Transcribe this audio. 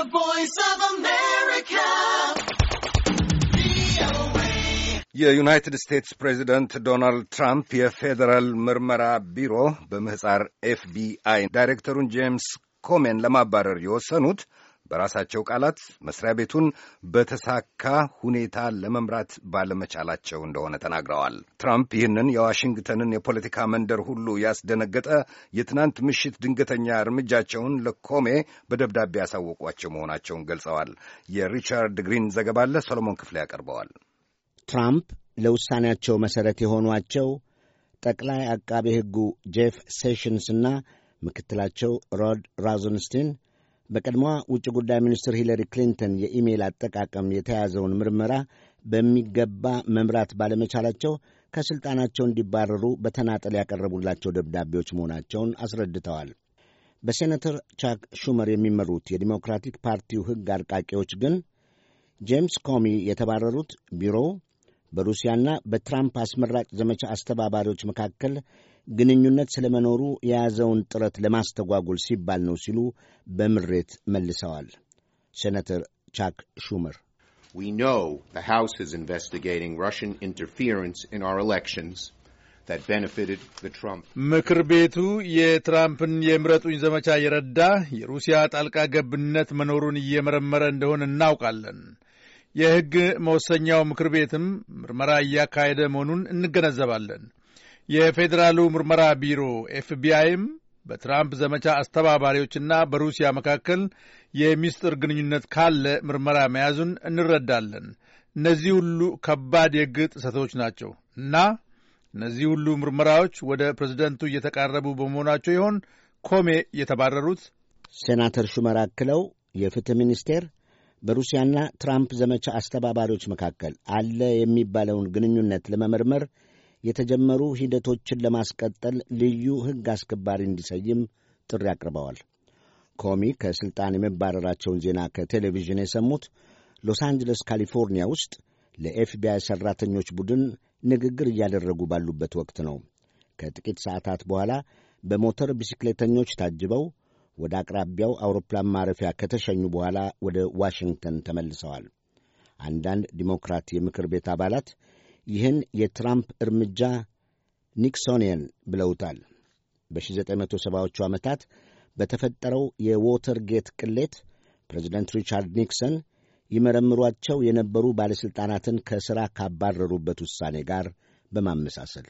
The Voice of America. የዩናይትድ ስቴትስ ፕሬዚደንት ዶናልድ ትራምፕ የፌዴራል ምርመራ ቢሮ በምህፃር ኤፍቢአይ ዳይሬክተሩን ጄምስ ኮሜን ለማባረር የወሰኑት በራሳቸው ቃላት መስሪያ ቤቱን በተሳካ ሁኔታ ለመምራት ባለመቻላቸው እንደሆነ ተናግረዋል። ትራምፕ ይህንን የዋሽንግተንን የፖለቲካ መንደር ሁሉ ያስደነገጠ የትናንት ምሽት ድንገተኛ እርምጃቸውን ለኮሜ በደብዳቤ ያሳወቋቸው መሆናቸውን ገልጸዋል። የሪቻርድ ግሪን ዘገባ አለ፣ ሰሎሞን ክፍሌ ያቀርበዋል። ትራምፕ ለውሳኔያቸው መሠረት የሆኗቸው ጠቅላይ አቃቤ ሕጉ ጄፍ ሴሽንስ እና ምክትላቸው ሮድ ራዞንስቲን በቀድሞዋ ውጭ ጉዳይ ሚኒስትር ሂለሪ ክሊንተን የኢሜይል አጠቃቀም የተያዘውን ምርመራ በሚገባ መምራት ባለመቻላቸው ከሥልጣናቸው እንዲባረሩ በተናጠል ያቀረቡላቸው ደብዳቤዎች መሆናቸውን አስረድተዋል። በሴኔተር ቻክ ሹመር የሚመሩት የዲሞክራቲክ ፓርቲው ሕግ አርቃቂዎች ግን ጄምስ ኮሚ የተባረሩት ቢሮው በሩሲያና በትራምፕ አስመራጭ ዘመቻ አስተባባሪዎች መካከል ግንኙነት ስለመኖሩ የያዘውን ጥረት ለማስተጓጎል ሲባል ነው ሲሉ በምሬት መልሰዋል ሴነተር ቻክ ሹመር። We know the House is investigating Russian interference in our elections that benefited the Trump. ምክር ቤቱ የትራምፕን የምረጡኝ ዘመቻ የረዳ የሩሲያ ጣልቃ ገብነት መኖሩን እየመረመረ እንደሆነ እናውቃለን። የሕግ መወሰኛው ምክር ቤትም ምርመራ እያካሄደ መሆኑን እንገነዘባለን። የፌዴራሉ ምርመራ ቢሮ ኤፍቢአይም በትራምፕ ዘመቻ አስተባባሪዎችና በሩሲያ መካከል የሚስጥር ግንኙነት ካለ ምርመራ መያዙን እንረዳለን። እነዚህ ሁሉ ከባድ የሕግ ጥሰቶች ናቸው እና እነዚህ ሁሉ ምርመራዎች ወደ ፕሬዝደንቱ እየተቃረቡ በመሆናቸው ይሆን ኮሜ የተባረሩት? ሴናተር ሹመር አክለው የፍትሕ ሚኒስቴር በሩሲያና ትራምፕ ዘመቻ አስተባባሪዎች መካከል አለ የሚባለውን ግንኙነት ለመመርመር የተጀመሩ ሂደቶችን ለማስቀጠል ልዩ ሕግ አስከባሪ እንዲሰይም ጥሪ አቅርበዋል። ኮሚ ከሥልጣን የመባረራቸውን ዜና ከቴሌቪዥን የሰሙት ሎስ አንጀለስ ካሊፎርኒያ ውስጥ ለኤፍቢአይ ሠራተኞች ቡድን ንግግር እያደረጉ ባሉበት ወቅት ነው። ከጥቂት ሰዓታት በኋላ በሞተር ቢስክሌተኞች ታጅበው ወደ አቅራቢያው አውሮፕላን ማረፊያ ከተሸኙ በኋላ ወደ ዋሽንግተን ተመልሰዋል። አንዳንድ ዲሞክራት የምክር ቤት አባላት ይህን የትራምፕ እርምጃ ኒክሶንየን ብለውታል። በ1970ዎቹ ዓመታት በተፈጠረው የዎተር ጌት ቅሌት ፕሬዚደንት ሪቻርድ ኒክሰን ይመረምሯቸው የነበሩ ባለሥልጣናትን ከሥራ ካባረሩበት ውሳኔ ጋር በማመሳሰል